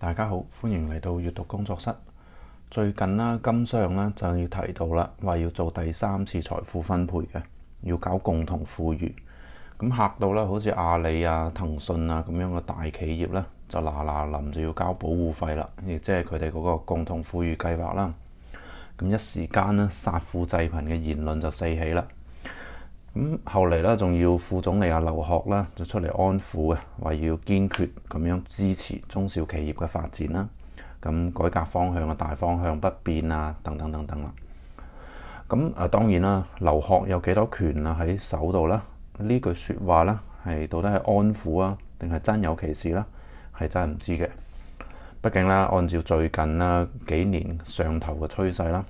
大家好，歡迎嚟到閱讀工作室。最近啦，今上啦就要提到啦，話要做第三次財富分配嘅，要搞共同富裕，咁嚇到啦，好似阿里啊、騰訊啊咁樣嘅大企業啦，就嗱嗱臨就要交保護費啦，亦即係佢哋嗰個共同富裕計劃啦。咁一時間咧，殺富濟貧嘅言論就四起啦。咁後嚟咧，仲要副總理阿劉鶴啦，就出嚟安撫啊，話要堅決咁樣支持中小企業嘅發展啦。咁改革方向嘅大方向不變啊，等等等等啦。咁啊，當然啦，劉鶴有幾多權啊喺手度啦？呢句説話啦，係到底係安撫啊，定係真有其事啦？係真係唔知嘅。畢竟啦，按照最近啦幾年上頭嘅趨勢啦，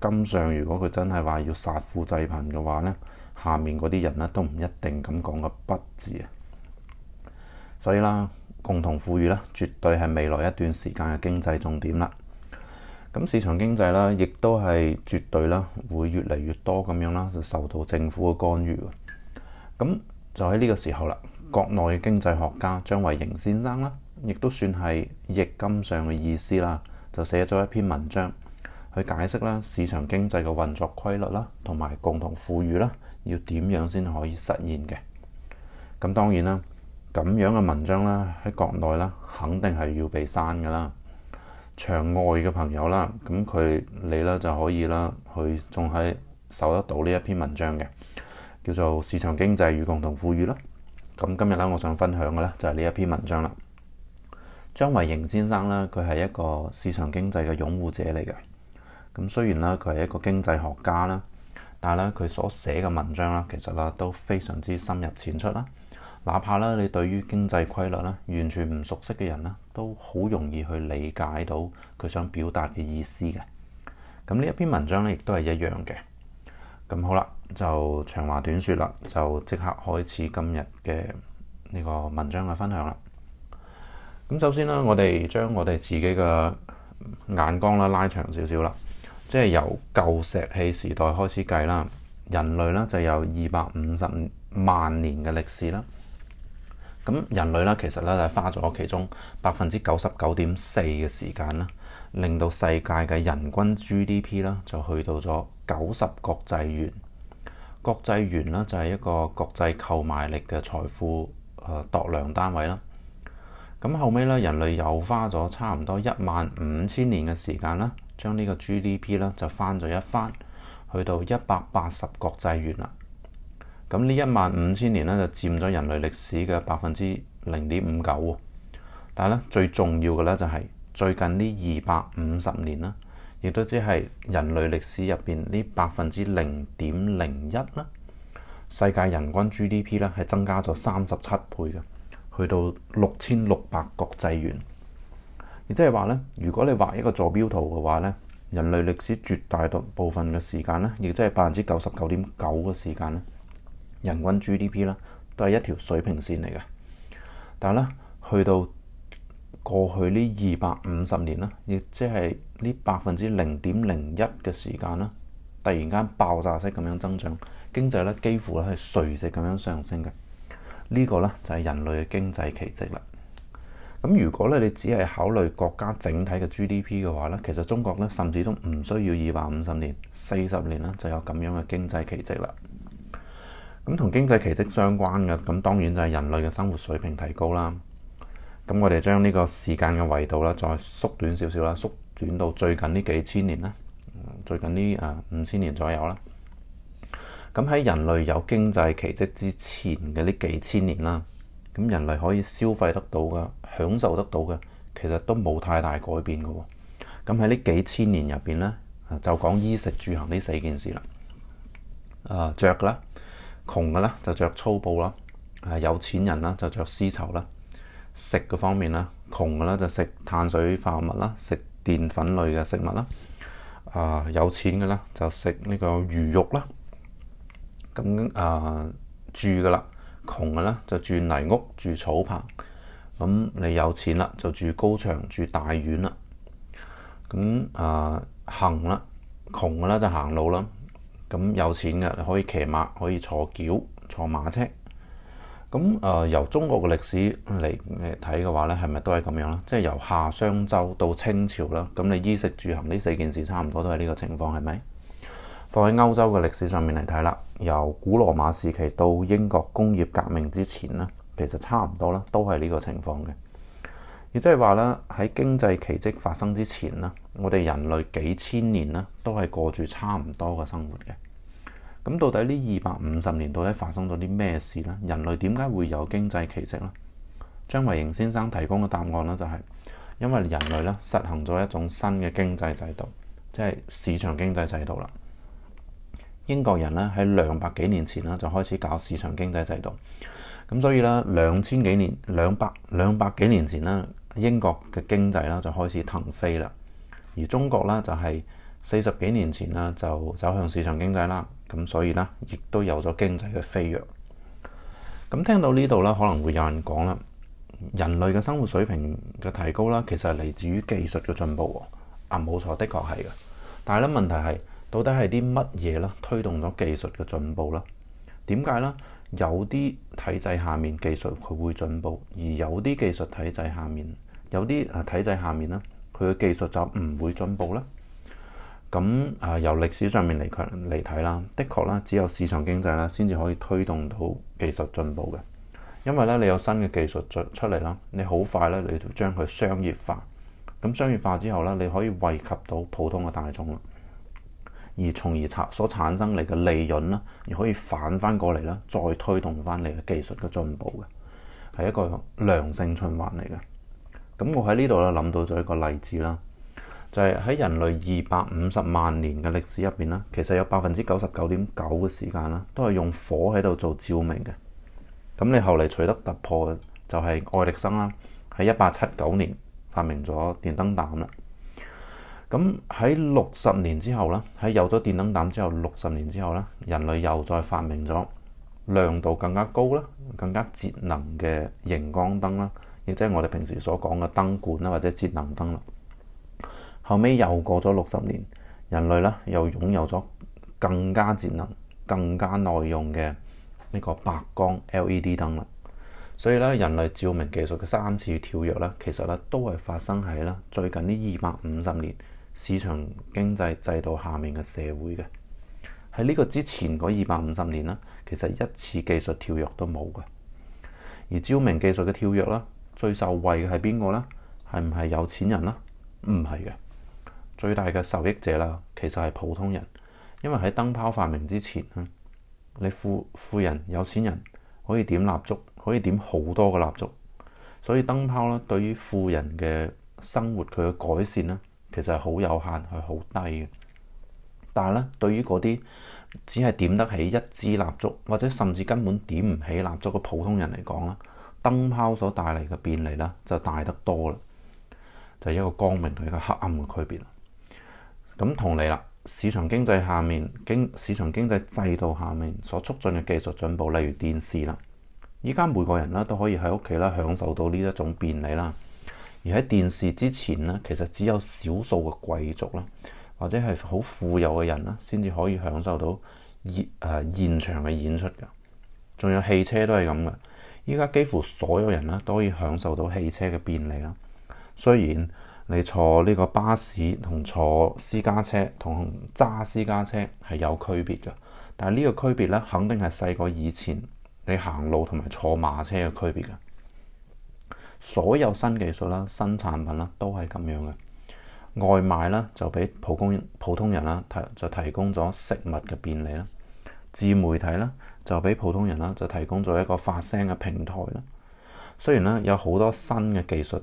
今上如果佢真係話要殺富濟貧嘅話咧。下面嗰啲人咧都唔一定咁講個不字啊，所以啦，共同富裕咧，絕對係未來一段時間嘅經濟重點啦。咁市場經濟咧，亦都係絕對啦，會越嚟越多咁樣啦，就受到政府嘅干預。咁就喺呢個時候啦，國內嘅經濟學家張維迎先生啦，亦都算係易金上嘅意思啦，就寫咗一篇文章去解釋啦市場經濟嘅運作規律啦，同埋共同富裕啦。要點樣先可以實現嘅？咁當然啦，咁樣嘅文章啦，喺國內啦，肯定係要被刪噶啦。場外嘅朋友啦，咁佢你咧就可以啦，佢仲係搜得到呢一篇文章嘅，叫做《市場經濟與共同富裕》啦。咁今日咧，我想分享嘅咧就係呢一篇文章啦。張維迎先生咧，佢係一個市場經濟嘅擁護者嚟嘅。咁雖然啦，佢係一個經濟學家啦。但係咧，佢所寫嘅文章啦，其實啦都非常之深入淺出啦。哪怕咧你對於經濟規律咧完全唔熟悉嘅人啦，都好容易去理解到佢想表達嘅意思嘅。咁呢一篇文章咧，亦都係一樣嘅。咁好啦，就長話短說啦，就即刻開始今日嘅呢個文章嘅分享啦。咁首先呢，我哋將我哋自己嘅眼光啦拉長少少啦。即係由舊石器時代開始計啦，人類咧就有二百五十萬年嘅歷史啦。咁人類咧，其實咧就花咗其中百分之九十九點四嘅時間啦，令到世界嘅人均 GDP 啦就去到咗九十國際元。國際元咧就係一個國際購買力嘅財富誒度量單位啦。咁後尾咧，人類又花咗差唔多一萬五千年嘅時間啦。將呢個 GDP 咧就翻咗一番，去到一百八十國際元啦。咁呢一萬五千年咧就佔咗人類歷史嘅百分之零點五九。但係咧，最重要嘅咧就係、是、最近呢二百五十年啦，亦都只係人類歷史入邊呢百分之零點零一啦。世界人均 GDP 咧係增加咗三十七倍嘅，去到六千六百國際元。亦即係話咧，如果你畫一個坐標圖嘅話咧，人類歷史絕大多部分嘅時間咧，亦即係百分之九十九點九嘅時間咧，人均 GDP 啦，都係一條水平線嚟嘅。但係咧，去到過去呢二百五十年啦，亦即係呢百分之零點零一嘅時間啦，突然間爆炸式咁樣增長，經濟咧幾乎咧係垂直咁樣上升嘅。呢個咧就係人類嘅經濟奇跡啦。咁如果咧，你只係考慮國家整體嘅 GDP 嘅話咧，其實中國咧甚至都唔需要二百五十年、四十年啦，就有咁樣嘅經濟奇蹟啦。咁同經濟奇蹟相關嘅，咁當然就係人類嘅生活水平提高啦。咁我哋將呢個時間嘅維度啦，再縮短少少啦，縮短到最近呢幾千年啦，最近呢誒五千年左右啦。咁喺人類有經濟奇蹟之前嘅呢幾千年啦。咁人類可以消費得到嘅、享受得到嘅，其實都冇太大改變嘅。咁喺呢幾千年入邊咧，就講衣食住行呢四件事啦。啊、呃，著嘅啦，窮嘅咧就着粗布啦，啊，有錢人啦就着絲綢啦。食嘅方面啦，窮嘅咧就食碳水化合物啦，食澱粉類嘅食物啦。啊，有錢嘅咧就食呢個魚肉啦。咁啊，住嘅啦。窮嘅啦，就住泥屋住草棚；咁你有錢啦，就住高牆住大院啦。咁啊、呃、行啦，窮嘅啦就行路啦。咁有錢嘅你可以騎馬，可以坐轎坐馬車。咁啊、呃、由中國嘅歷史嚟嚟睇嘅話咧，係咪都係咁樣咧？即係由夏商周到清朝啦。咁你衣食住行呢四件事，差唔多都係呢個情況，係咪？放喺歐洲嘅歷史上面嚟睇啦。由古羅馬時期到英國工業革命之前咧，其實差唔多啦，都係呢個情況嘅。亦即係話咧，喺經濟奇蹟發生之前咧，我哋人類幾千年咧都係過住差唔多嘅生活嘅。咁到底呢二百五十年到底發生咗啲咩事呢？人類點解會有經濟奇蹟呢？張維迎先生提供嘅答案咧就係、是，因為人類咧實行咗一種新嘅經濟制度，即係市場經濟制度啦。英國人咧喺兩百幾年前咧就開始搞市場經濟制度，咁所以咧兩千幾年兩百兩百幾年前咧英國嘅經濟咧就開始騰飛啦，而中國咧就係四十幾年前咧就走向市場經濟啦，咁所以咧亦都有咗經濟嘅飛躍。咁聽到呢度咧可能會有人講啦，人類嘅生活水平嘅提高啦其實係嚟自於技術嘅進步喎，啊冇錯，的確係嘅，但係咧問題係。到底係啲乜嘢呢？推動咗技術嘅進步呢？點解呢？有啲體制下面技術佢會進步，而有啲技術體制下面有啲啊體制下面呢，佢嘅技術就唔會進步呢？咁啊、呃，由歷史上面嚟嚟睇啦，的確啦，只有市場經濟啦，先至可以推動到技術進步嘅，因為咧你有新嘅技術出嚟啦，你好快咧你就將佢商業化。咁商業化之後咧，你可以惠及到普通嘅大眾啦。而從而產所產生嚟嘅利潤啦，而可以反翻過嚟啦，再推動翻你嘅技術嘅進步嘅，係一個良性循環嚟嘅。咁我喺呢度咧諗到咗一個例子啦，就係喺人類二百五十萬年嘅歷史入邊啦，其實有百分之九十九點九嘅時間啦，都係用火喺度做照明嘅。咁你後嚟取得突破就係愛迪生啦，喺一八七九年發明咗電燈膽啦。咁喺六十年之後啦，喺有咗電燈膽之後，六十年之後啦，人類又再發明咗亮度更加高啦、更加節能嘅熒光燈啦，亦即係我哋平時所講嘅燈管啦或者節能燈啦。後尾又過咗六十年，人類咧又擁有咗更加節能、更加耐用嘅呢個白光 LED 燈啦。所以咧，人類照明技術嘅三次跳躍咧，其實咧都係發生喺咧最近呢二百五十年。市場經濟制度下面嘅社會嘅，喺呢個之前嗰二百五十年啦，其實一次技術跳躍都冇㗎。而照明技術嘅跳躍啦，最受惠嘅係邊個咧？係唔係有錢人啦？唔係嘅，最大嘅受益者啦，其實係普通人，因為喺燈泡發明之前啦，你富富人有錢人可以點蠟燭，可以點好多嘅蠟燭，所以燈泡咧，對於富人嘅生活，佢嘅改善咧。其實係好有限，係好低嘅。但係咧，對於嗰啲只係點得起一支蠟燭，或者甚至根本點唔起蠟燭嘅普通人嚟講啦，燈泡所帶嚟嘅便利啦，就大得多啦。就係一個光明同一個黑暗嘅區別。咁同理啦，市場經濟下面經市場經濟制度下面所促進嘅技術進步，例如電視啦，依家每個人啦都可以喺屋企啦享受到呢一種便利啦。而喺電視之前呢，其實只有少數嘅貴族啦，或者係好富有嘅人啦，先至可以享受到現誒現場嘅演出㗎。仲有汽車都係咁嘅，依家幾乎所有人啦都可以享受到汽車嘅便利啦。雖然你坐呢個巴士同坐私家車同揸私家車係有區別嘅，但係呢個區別咧，肯定係細過以前你行路同埋坐馬車嘅區別嘅。所有新技術啦、新產品啦，都係咁樣嘅。外賣啦，就俾普工普通人啦，提就提供咗食物嘅便利啦。自媒體啦，就俾普通人啦，就提供咗一個發聲嘅平台啦。雖然咧有好多新嘅技術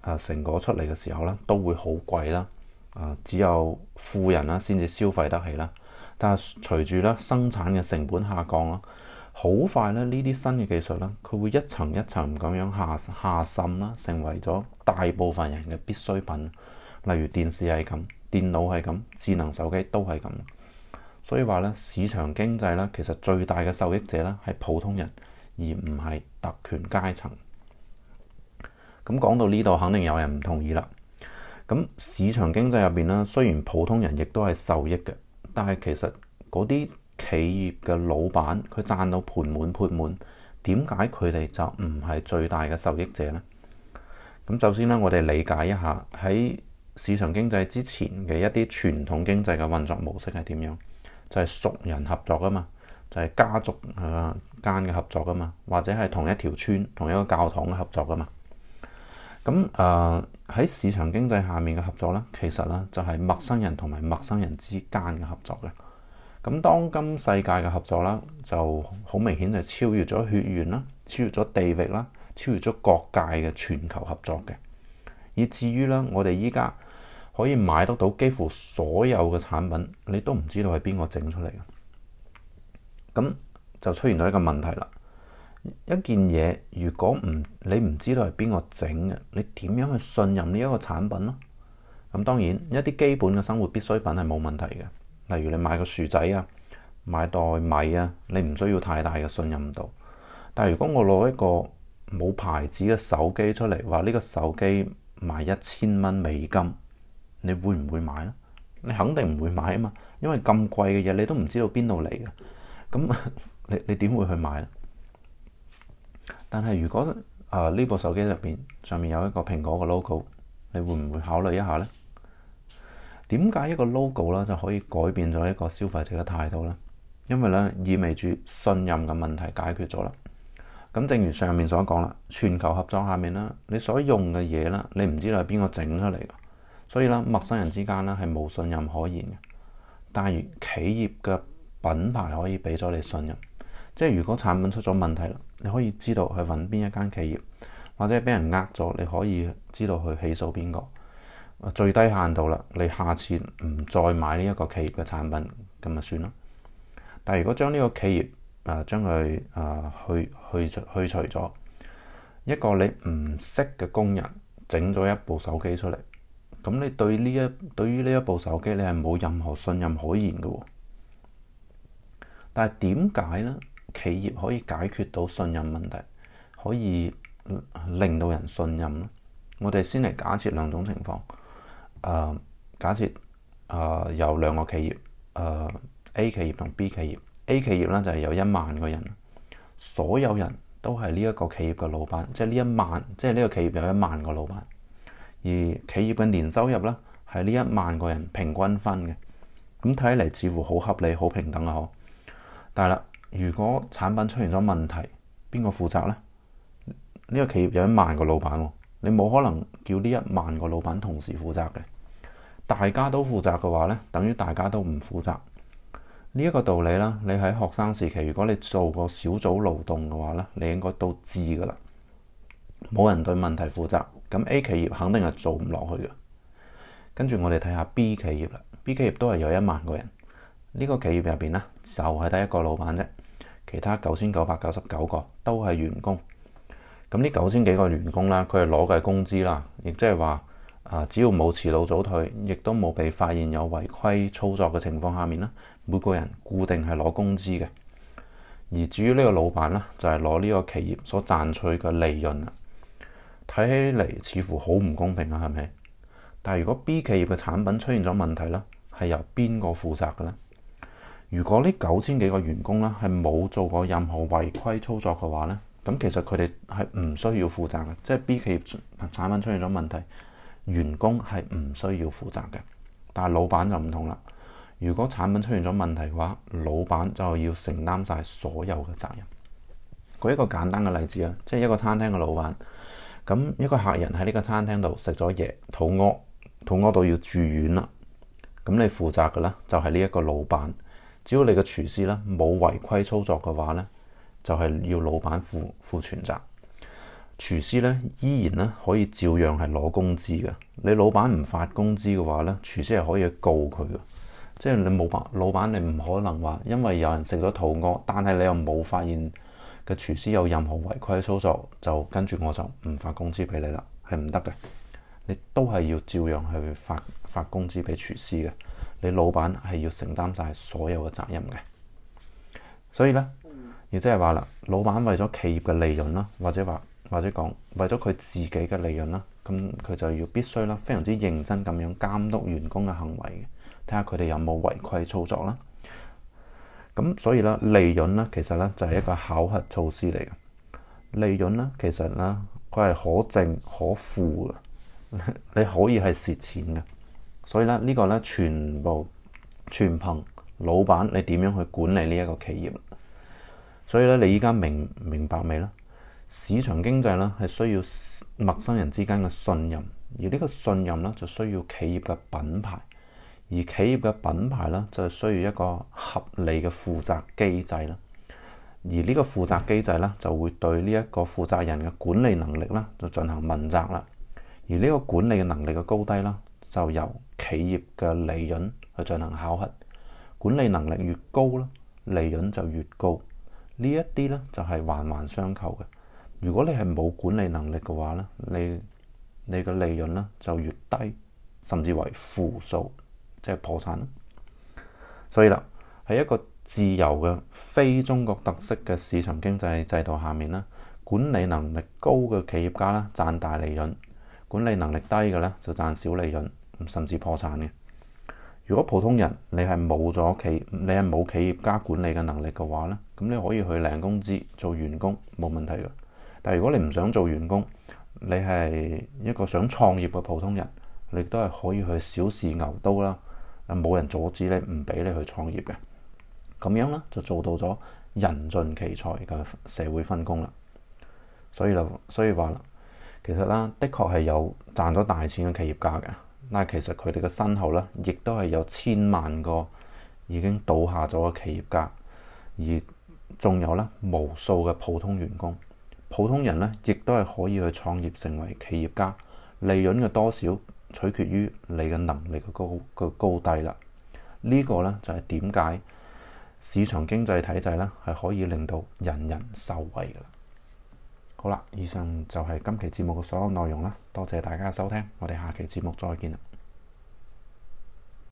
啊成果出嚟嘅時候咧，都會好貴啦，啊只有富人啦先至消費得起啦。但係隨住咧生產嘅成本下降啦。好快咧，呢啲新嘅技術咧，佢會一層一層咁樣下下滲啦，成為咗大部分人嘅必需品。例如電視係咁，電腦係咁，智能手機都係咁。所以話咧，市場經濟咧，其實最大嘅受益者咧，係普通人，而唔係特權階層。咁講到呢度，肯定有人唔同意啦。咁市場經濟入邊咧，雖然普通人亦都係受益嘅，但係其實嗰啲企業嘅老闆，佢賺到盆滿缽滿，點解佢哋就唔係最大嘅受益者呢？咁首先咧，我哋理解一下喺市場經濟之前嘅一啲傳統經濟嘅運作模式係點樣？就係熟人合作㗎嘛，就係家族啊間嘅合作㗎嘛，或者係同一條村、同一個教堂嘅合作㗎嘛。咁誒喺市場經濟下面嘅合作咧，其實咧就係陌生人同埋陌生人之間嘅合作嘅。咁當今世界嘅合作啦，就好明顯係超越咗血緣啦，超越咗地域啦，超越咗各界嘅全球合作嘅。以至於咧，我哋依家可以買得到幾乎所有嘅產品，你都唔知道係邊個整出嚟嘅。咁就出現咗一個問題啦。一件嘢如果唔你唔知道係邊個整嘅，你點樣去信任呢一個產品咯？咁當然一啲基本嘅生活必需品係冇問題嘅。例如你買個薯仔啊，買袋米啊，你唔需要太大嘅信任度。但係如果我攞一個冇牌子嘅手機出嚟，話呢個手機賣一千蚊美金，你會唔會買呢？你肯定唔會買啊嘛，因為咁貴嘅嘢，你都唔知道邊度嚟嘅，咁你你點會去買呢？但係如果啊呢、呃、部手機入邊上面有一個蘋果嘅 logo，你會唔會考慮一下呢？點解一個 logo 啦就可以改變咗一個消費者嘅態度呢？因為咧意味住信任嘅問題解決咗啦。咁正如上面所講啦，全球合作下面啦，你所用嘅嘢啦，你唔知道係邊個整出嚟，所以啦，陌生人之間咧係冇信任可言嘅。但係企業嘅品牌可以俾咗你信任，即係如果產品出咗問題啦，你可以知道去揾邊一間企業，或者係俾人呃咗，你可以知道去起訴邊個。最低限度啦，你下次唔再買呢一個企業嘅產品咁咪算囉。但係如果將呢個企業啊，將佢啊去去去除咗一個你唔識嘅工人整咗一部手機出嚟，咁你對呢一對於呢一部手機，你係冇任何信任可言嘅喎。但係點解呢？企業可以解決到信任問題，可以令到人信任咧？我哋先嚟假設兩種情況。誒、呃，假設誒、呃、有兩個企業，誒、呃、A 企業同 B 企業，A 企業咧就係有一萬個人，所有人都係呢一個企業嘅老闆，即係呢一萬，即係呢個企業有一萬個老闆，而企業嘅年收入咧係呢一萬個人平均分嘅，咁睇嚟似乎好合理，好平等啊！嗬，但係啦，如果產品出現咗問題，邊個負責咧？呢、呢個企業有一萬個老闆喎。你冇可能叫呢一萬個老闆同時負責嘅，大家都負責嘅話呢，等於大家都唔負責。呢一個道理啦，你喺學生時期，如果你做過小組勞動嘅話呢，你應該都知噶啦。冇人對問題負責，咁 A 企業肯定係做唔落去嘅。跟住我哋睇下 B 企業啦，B 企業都係有一萬個人，呢個企業入邊呢，就係得一個老闆啫，其他九千九百九十九個都係員工。咁呢九千幾個員工啦，佢係攞嘅工資啦，亦即係話啊，只要冇遲到早退，亦都冇被發現有違規操作嘅情況下面，呢每個人固定係攞工資嘅。而至於呢個老闆呢，就係攞呢個企業所賺取嘅利潤啦。睇起嚟似乎好唔公平啊，係咪？但係如果 B 企業嘅產品出現咗問題呢，係由邊個負責嘅呢？如果呢九千幾個員工呢，係冇做過任何違規操作嘅話呢，咁其實佢哋係唔需要負責嘅，即係 B 企業產品出現咗問題，員工係唔需要負責嘅。但係老闆就唔同啦。如果產品出現咗問題嘅話，老闆就要承擔晒所有嘅責任。舉一個簡單嘅例子啊，即係一個餐廳嘅老闆，咁一個客人喺呢個餐廳度食咗嘢，肚屙，肚屙到要住院啦。咁你負責嘅呢，就係呢一個老闆。只要你嘅廚師呢冇違規操作嘅話呢。就係要老闆負負全責，廚師咧依然咧可以照樣係攞工資嘅。你老闆唔發工資嘅話咧，廚師係可以告佢嘅。即係你冇辦法，老闆，你唔可能話，因為有人食咗肚屙，但係你又冇發現嘅廚師有任何違規操作，就跟住我就唔發工資俾你啦，係唔得嘅。你都係要照樣去發發工資俾廚師嘅。你老闆係要承擔晒所有嘅責任嘅，所以咧。亦即係話啦，老闆為咗企業嘅利潤啦，或者話或者講為咗佢自己嘅利潤啦，咁佢就要必須啦，非常之認真咁樣監督員工嘅行為，睇下佢哋有冇違規操作啦。咁所以咧，利潤咧其實咧就係一個考核措施嚟嘅。利潤咧其實咧佢係可正可負嘅，你可以係蝕錢嘅，所以咧呢個咧全部全憑老闆你點樣去管理呢一個企業。所以咧，你而家明明白未咧？市場經濟咧係需要陌生人之間嘅信任，而呢個信任咧就需要企業嘅品牌，而企業嘅品牌咧就需要一個合理嘅負責機制啦。而呢個負責機制咧就會對呢一個負責人嘅管理能力咧就進行問責啦。而呢個管理嘅能力嘅高低啦，就由企業嘅利潤去進行考核。管理能力越高咧，利潤就越高。呢一啲咧就係環環相扣嘅。如果你係冇管理能力嘅話咧，你你嘅利潤咧就越低，甚至為負數，即係破產。所以啦，喺一個自由嘅非中國特色嘅市場經濟制度下面啦，管理能力高嘅企業家咧賺大利潤，管理能力低嘅咧就賺小利潤，甚至破產嘅。如果普通人你係冇咗企，你係冇企業家管理嘅能力嘅話咧。咁你可以去領工資做員工冇問題㗎。但係如果你唔想做員工，你係一個想創業嘅普通人，你都係可以去小試牛刀啦。冇人阻止你，唔俾你去創業嘅。咁樣咧就做到咗人盡其才嘅社會分工啦。所以啦，所以話啦，其實啦，的確係有賺咗大錢嘅企業家嘅。但其實佢哋嘅身後咧，亦都係有千萬個已經倒下咗嘅企業家，而仲有咧，無數嘅普通員工、普通人咧，亦都係可以去創業成為企業家。利潤嘅多少取決於你嘅能力嘅高嘅高低啦。呢個咧就係點解市場經濟體制咧係可以令到人人受惠嘅啦。好啦，以上就係今期節目嘅所有內容啦。多謝大家收聽，我哋下期節目再見啦。